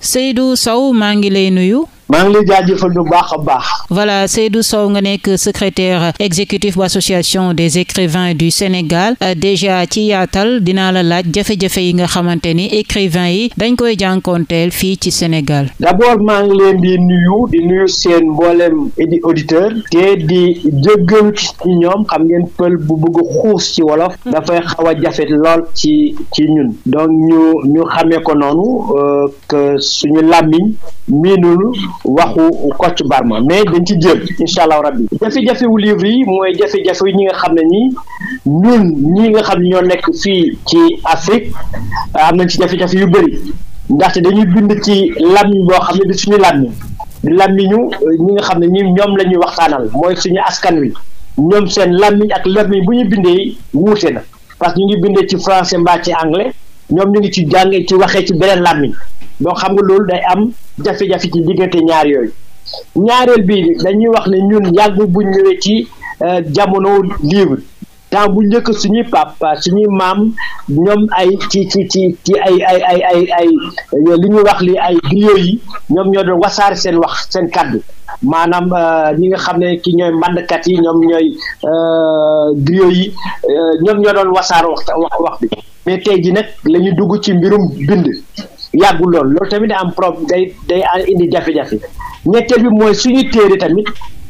Seydou Sow maa ngi lay nuyu maa ngi lay jaajëfal bu baax a baax. voilà Seydou Sow nga nekk secrétaire exécutif bu association des écrivains du Sénégal euh, déjà ci yaatal dinaa la laaj jafe-jafe yi nga xamante ni écrivain yi dañ koy jànkoonteel fii ci Sénégal. d'abord maa ngi leen di nuyu seen mboolem di auditeur te di jéggal ci ñoom xam ngeen pël bu bëgg xuus ci wolof. Mm. dafay xaw jafe lool ci ci ñun. donc ñu ñu xamee ko noonu euh, que suñu làmmiñ miinul. waxu Kocc Barma mais dañ ci jël incha allah rabbi jafe-jafewu livre yi mooy jafe-jafe ñi nga xam ne nii ñun ñi nga xam ñoo nekk fii ci Afrique am nañ ci jafe yu bëri ndaxte dañuy bind ci làmmiñ boo xam ne di suñu làmmiñ làmmiñu euh, ñi nga xam ne ñi ñoom la ñuy waxtaanal mooy suñu askan wi ñoom seen làmmiñ ak làmmiñ bu ñu bindee wuute na parce que ñu ngi bindee ci français mbaa ci anglais ñoom ñu ngi ci jàngee ci waxee ci beneen làmmiñ donc xam nga loolu day am jafe-jafe ci diggante ñaar yooyu ñaareel bi dañuy wax ne ñun yàgg bu ñëwee ci euh, jamono libre temps bu njëkk suñuy papa suñuy maam ñoom ay ci ci ci ay ay ay ay ay euh, li ñuy wax li ay griots yi ñoom ñoo doon seen wax seen kàddu maanaam euh, ñi nga xam ne ki ñooy mbandkat yi ñoom ñooy griots yi ñoom ñoo doon wasaar wax wax bi mais tey ji nag lañuy dugg ci mbirum bind yàggul lool loolu tamit da am problème day day indi jafe-jafe ñetteel bi mooy suñu téere tamit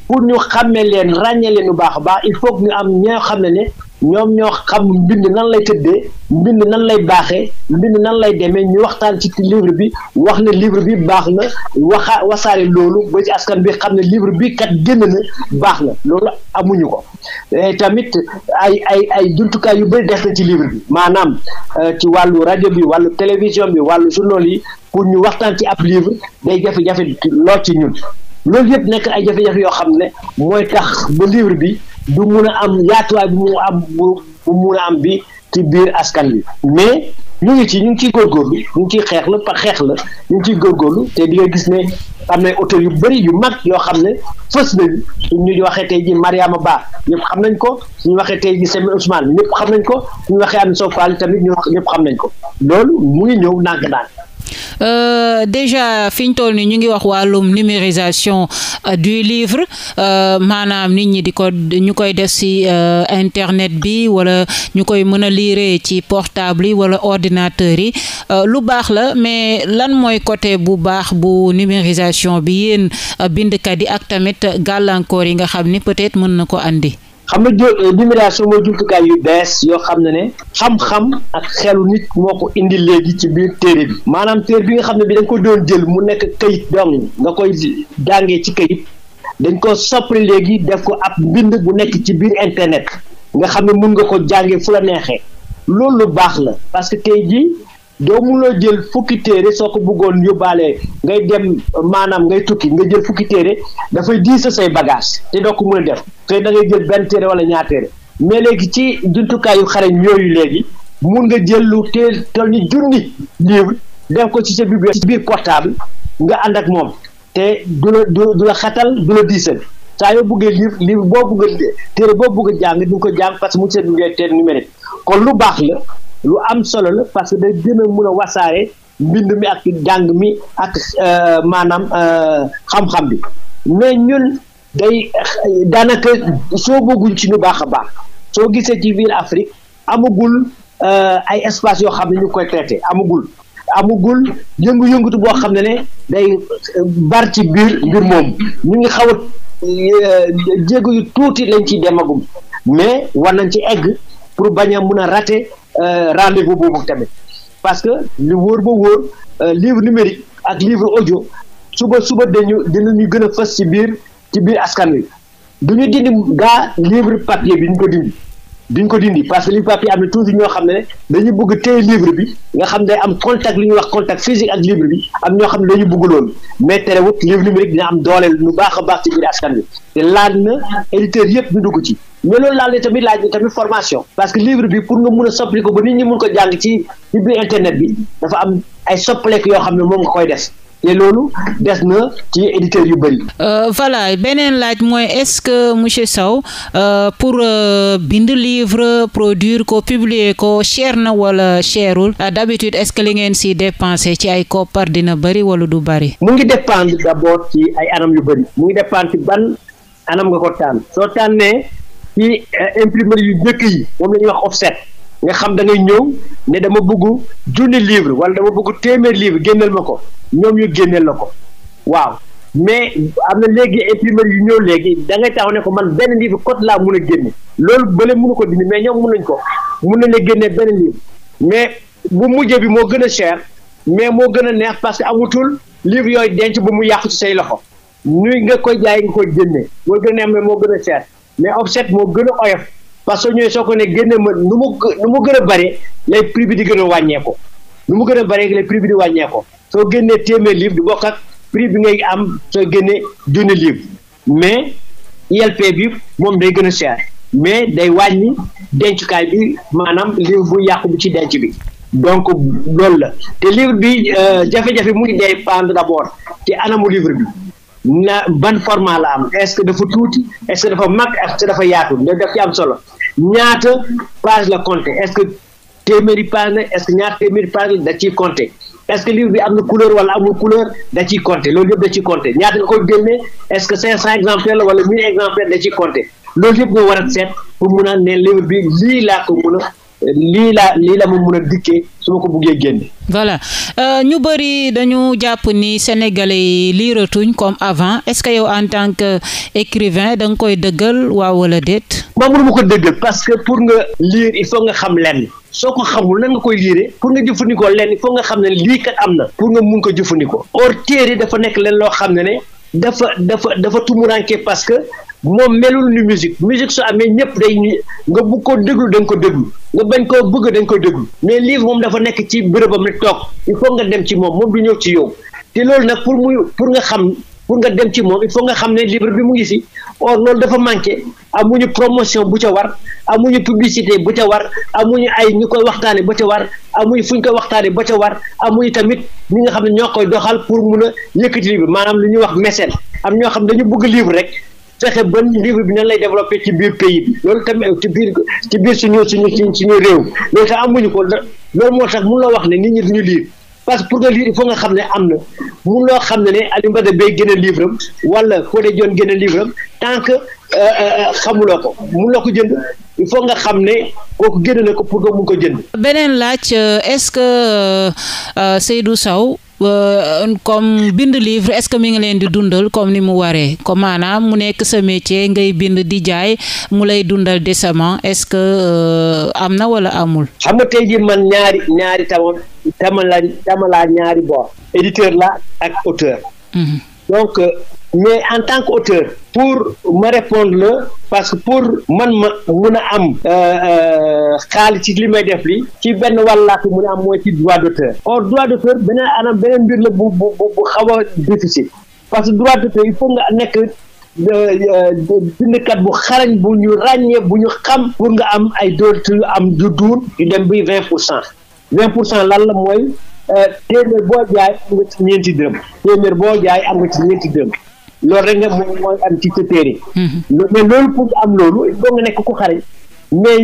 pour ñu xàmmee leen ràññee leen bu baax a baax il faut ñu am ñoo xam ne ne ñoom ñoo xam mbind nan lay tëddee mbind nan lay baaxee mbind nan lay demee ñu waxtaan ci livre bi wax ne livre bi baax na waxa wasaare loolu ba ci askan bi xam ne livre bi kat génn na baax na loolu amuñu ko eh, tamit ay ay ay jumtukaay yu bëri des na ci livre bi maanaam eh, ci wàllu rajo bi wàllu télévision bi wàllu journal yi pour ñu waxtaan ci ab livre day jafe-jafe lool ci ñun loolu yëpp nekk ay jafe-jafe yoo xam ne mooy tax ba livre bi du mun a am yaatuwaay bu mu am bu mun a am bi ci biir askan bi mais ñu ngi ci ñu ngi ciy góorgóorlu ñu ngi ciy xeex la par xeex la ñu ngi ciy góorgóorlu te di nga gis ne am na hôtel yu bëri yu mag yoo xam ne fës nañu suñu waxee tey ji Mariama Ba ñëpp xam nañ ko suñu waxee tey ji Semi Ousmane ñëpp xam nañ ko suñu waxee Amine Sow Fall tamit ñëpp xam nañ ko loolu mu ngi ñëw ndànk-ndànk Euh, déjà fi ñu toll nii ñu ngi wax wàllum numérisation euh, du livre euh, maanaam nit ñi di ko ñu koy def ci internet bi wala ñu koy mën a lire ci portable yi wala ordinateur yi lu baax la mais lan mooy côté bu baax bu numérisation bi yéen bindkat yi ak tamit gàllankoor yi nga xam ni peut-être mën na ko andi. xam nga libération euh, mooy jumtukaay yu bees yoo xam ne ne xam-xam ak xelu nit moo ko indi léegi ci biir téere bi maanaam téere bi nga xam ne bi dañ ko doon jël mu nekk kayit dong nga koy jàngee ci kayit dañ ko soppali léegi def ko ab mbind bu nekk ci biir internet nga xam ne mën nga ko jàngee fu la neexee loolu lu baax la parce que tey ji doo mënoo jël fukki téere soo ko bëggoon yóbbaale ngay dem maanaam ngay tukki nga jël fukki téere dafay diis sa say bagage te doo ko mën a def xëy da ngay jël benn téere wala ñaar mais léegi ci jumtukaayu xarañ yooyu léegi mun nga jël lu téere toll ni junni livre def ko ci sa bibliothèque ci biir portable nga ànd ak moom te du du la xatal du la diisal saa yoo bëggee livre livre boo bëgg a a jàng di nga ko jàng parce que mu ngi seen bibliothèque numérique kon lu baax la lu am solo la parce que day gën a mun a wasaare mbind mi ak jàng mi ak euh, maanaam euh, xam-xam bi mais ñun. day daanaka soo bëgguñ ci lu baax a baax soo gisee ci biir Afrique amagul euh, ay espace yoo xam ne ñu koy traité amagul amagul yëngu yëngutu boo xam ne ne day euh, bar ci biir mbir moom ñu ngi xaw a euh, yu tuuti lañ ciy demagum mais war nañ ci egg pour bañ a mun a raté rendez-vous boobu tamit parce que li wóor ba wóor livre numérique ak livre audio suba suba dañu dinañu gën a fës ci biir ci biir askan wi du ñu dindi gaa livre papier bi ñu ko dindi duñ ko dindi parce que livre papier am na ñoo xam ne dañu bëgg téye livre bi nga xam day am contact li ñuy wax contact physique ak livre bi am ñoo xam ne dañu bëgg loolu mais terewut livre numérique dina am dooleel lu baax a baax ci biir askan bi te laaj na éditeurs yëpp ñu dugg ci mais laal na tamit laaj na tamit formation parce que livre bi pour nga mun a soppali ko ba nit ñi mun ko jàng ci internet bi dafa am ay soppaleek yoo xam ne moom nga koy des te loolu des na ci éditeurs yu bëri. Euh, voilà beneen laaj mooy est-ce que monsieur Sow euh, pour euh, bind livre produire ko publier ko cher na wala cherul d'habitude est-ce que li ngeen si dépenser ci ay koppar dina bëri wala du bëri. mu ngi dépendre d'abord ci ay anam yu bëri mu ngi dépendre ci ban anam nga ko tànn soo tànnee ci imprimerie yu njëkk yi moom la ñuy wax offset. nga xam da ngay ñëw ne dama bëgg junni livre wala dama bëgg téeméer livre génneel ma ko ñoom ñu génneel la ko waaw mais am na léegi imprimerie yu ñëw léegi da ngay taxaw ko man benn livre cote laa mun a génne loolu bële mënu ko dindi mais ñoom mun nañ ko mun nañ la génne benn livre mais bu mujjee bi moo gën a cher mais moo gën a neex parce que amutul livre yooyu denc bu mu yàqu ci say loxo nuy nga koy jaay nga koy génne moo gën a neex mais moo gën a cher mais offset moo gën a oyof parce que ñooy soo ko ne gën a mën nu mu nu mu gën a bare lay prix bi di gën a wàññeeko nu mu gën a bare lay prix bi di wàññeeku soo génnee téeméer livre du bokk prix bi ngay am soo génnee junni livre mais ILP bi moom day gën a cher mais day wàññi dencukaay bi maanaam livre bu yàqu bi ci denc bi donc loolu la te livre bi euh, jafe-jafe mu ngi dépendre d'abord ci anamu livre bi na ban format la am est-ce que dafa tuuti est-ce que dafa mag est-ce que dafa yaatu loolu daf am solo ñaata page la compter est-ce que téeméeri page la est-ce que ñaata téeméeri page la da ciy compter est-ce que livre bi am na couleur wala amul couleur da ciy compter loolu yëpp da ciy compter ñaata nga koy génnee est-ce que 500 exemplaires la wala 1000 exemplaires da ciy compter loolu yëpp nga war a seet pour mun bi lii laa ko mun lii la lii la ma mun a dikkee su ma ko buggee génne. voilà euh, ñu bëri dañu jàpp nii sénégalais yi liiratuñ comme avant est-ce que yow en tant que écrivain da nga koy dëggal waaw wala déet. ma mënu ma ko dëggal parce que pour nga lire il faut nga xam lenn soo ko xamul nan koy liire pour nga jëfandikoo lenn il faut nga xam ne lii kat am na pour nga mun ko jëfandikoo or téere dafa nekk leen loo xam ne ne dafa dafa dafa tumuranke parce que moom melul ni musique musique su amee ñëpp day nga bëgg ko déglu da nga déglu nga bañ koo bëgg dañ nga ko déglu mais livre moom dafa nekk ci am rek toog il faut nga dem ci moom moom du ñëw ci yow te loolu nag pour muy pour nga xam pour nga dem ci moom il faut nga xam ne livre bi mu ngi si or loolu dafa manqué amuñu promotion bu ca war amuñu publicité bu ca war amuñu ay ñu koy waxtaane ba ca war amuñu fu ñu koy waxtaane ba ca war amuñu tamit ñi nga xam ne ñoo koy doxal pour mun a yëkkati livre maanaam lu ñuy wax mécène am ñoo xam ne dañu bëgg livre rek fexe ba livre bi na lay développé ci biir pays bi loolu tamit ci biir ci biir suñu suñu suñu réew loolu tax amuñu ko loolu moo tax mun la wax ne nit ñi duñu lire parce que pour nga lire il faut nga xam ne am na mun loo xam ne ne Aliou Mbada Bèye gën a livre am wala Fodé Dione gën a livre am tant que euh, euh, euh, xamuloo ko mun loo ko jënd il faut nga xam ne kooku génn na ko pour nga mun ko jënd. beneen laaj est-ce que Seydou saw Euh, comme bind livre est-ce que mi ngi leen di dundal comme ni mu waree comme maanaam mu nekk sa métier ngay bind di jaay mu lay dundal décemment est-ce que euh, am na wala amul. xam nga tey ji man ñaari ñaari tama tama la tama laa ñaari boor. éditeur la ak auteur. Mm-hmm. donc euh, mais en tant qu'auteur pour ma répondre la parce que pour man ma mun a am. xaalis ci li may def li ci benn wàllaatu mu ne am mooy ci droit d'auteur or droit d'auteur beneen anam beneen mbir la bu bu bu xaw a difficile parce que droit d'auteur il faut nga nekk euh, euh, bindkat bu xarañ bu ñu ràññee bu ñu xam pour nga am ay dootu am du duur yu dem bi vingt pour cent vingt pour cent lan la mooy euh, téeméer boo jaay am nga ci ñeenti dërëm téeméer boo jaay am nga ci ñeenti dërëm loolu rek mm-hmm. loolu pour nga am loolu il faut nga nekk ku xarañ mais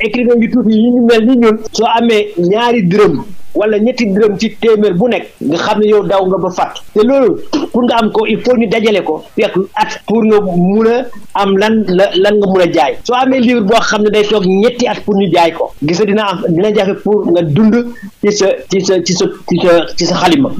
écrivain yu tuuti yi ñu mel ni ñun soo amee ñaari dërëm wala ñetti dërëm ci téeméer bu nekk nga xam ne yow daw nga ba fàtt te loolu pour nga am ko il faut ñu dajale ko fekk at pour nga mun a am lan la lan nga mun a jaay soo amee livre boo xam ne day toog ñetti at pour ñu jaay ko gisa dina am dina jafe pour nga dund ci sa ci sa ci sa ci ci sa xalima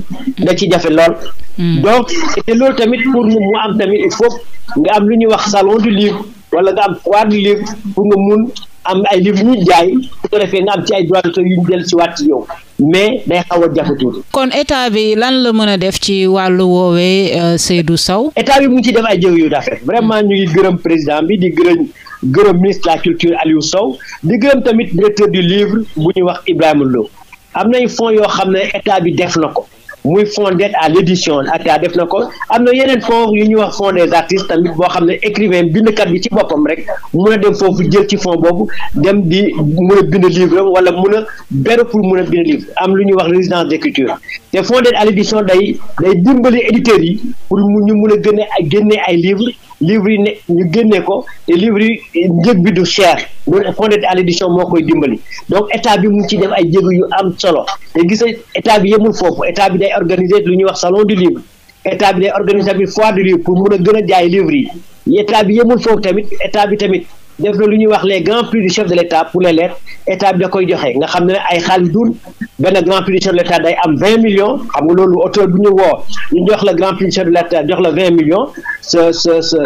da ci jafe lool hmm. donc loolu tamit pour mu il faut nga am lu ñuy wax salon du livre wala nga am trois livres pour nga mun am ay livres ñu jaay su ko defee nga am ci ay droits d'auteur yu ñu jël si waat yow mais day xaw a jafe kon état bi lan la mën a def ci wàllu woowee euh, Seydou Sow. état bi mu ngi ciy def ay jéego yu rafet vraiment ñuy gërëm président bi di gërëm gërëm ministre de la culture Aliou Sow di gërëm tamit directeur du livre bu ñuy wax Ibrahima Lo am nay fonds yoo xam ne état bi def na ko. muy fonds d'aide à l'édition ATA def na ko am na yeneen fonds yu ñuy wax fonds des artistes tamit boo xam ne écrivain bindkat bi ci boppam rek mun a dem foofu jël ci fonds boobu dem di mun a bind livre wala mun a béru pour mun a bind livre am lu ñuy wax résidence d'écriture te fonds d'aide à l'édition day day dimbali éditeurs yi pour ñu mun a gën a génne ay livres livre yi ne ñu génnee ko te livre yi njëg bi du cher loolu fonds d'aide à moo koy dimbali donc état bi mu ci def ay jéego yu am solo te gis état bi yemul foofu état bi day organiser lu ñuy wax salon du livre état bi day organiser bi foire du livre pour mun a gën a jaay livre yi état bi yemul foofu tamit état bi tamit def na lu ñuy wax les grands prix du chef de l' état pour les lettres état da koy joxe nga xam ne ay xaalis dul benn grand prix du chef de l' day am vingt millions xam nga loolu auto bu ñu woo ñu jox la grand prix du chef de l' jox la vingt millions sa sa sa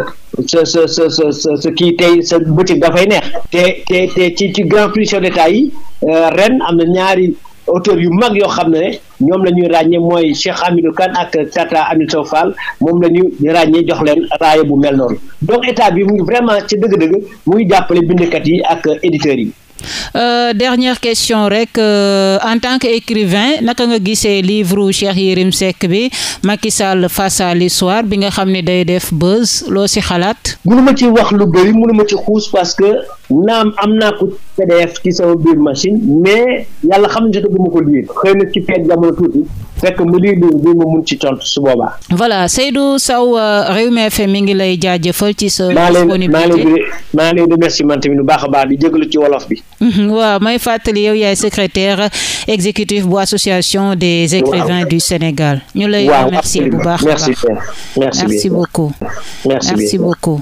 sa sa sa sa sa sa tey sa boutique dafay neex te te te ci ci grand prix du chef de l' yi euh, ren am na ñaari auteur yu mag yoo xam ne ñoom la ñuy ràññee mooy Cheikh Hamidou Kane ak Tata Aminata Fall moom la ñuy ràññee jox leen raaya bu mel noonu donc état bi muy vraiment ci dëgg-dëgg muy jàppale bindkat yi ak éditeurs yi. Euh, dernière question rek euh, en tant que écrivain naka nga gisee livre Cheikh Yérim Seck bi Macky Sall face à bi nga xam ne day def buzz loo si xalaat. mënuma ci wax lu bëri mënuma ci xuus parce que naam am naa ko PDF ci sama biir machine mais yàlla xam ne bu ko lire xëy na ci feet jamono tuuti fekk mu lii liir bi ma mun ci tontu su booba voilà Seydou Sow euh, Rewmi FM mi ngi lay jaajëfal ci sa. disponibilité maa leen maa leen di merci tamit bu baax a baax di jégalu ci wolof bi. waaw may fàttali yow yaay secrétaire exécutif bu association des écrivains du Sénégal. ñu lay remercier bu baax a baax merci beaucoup.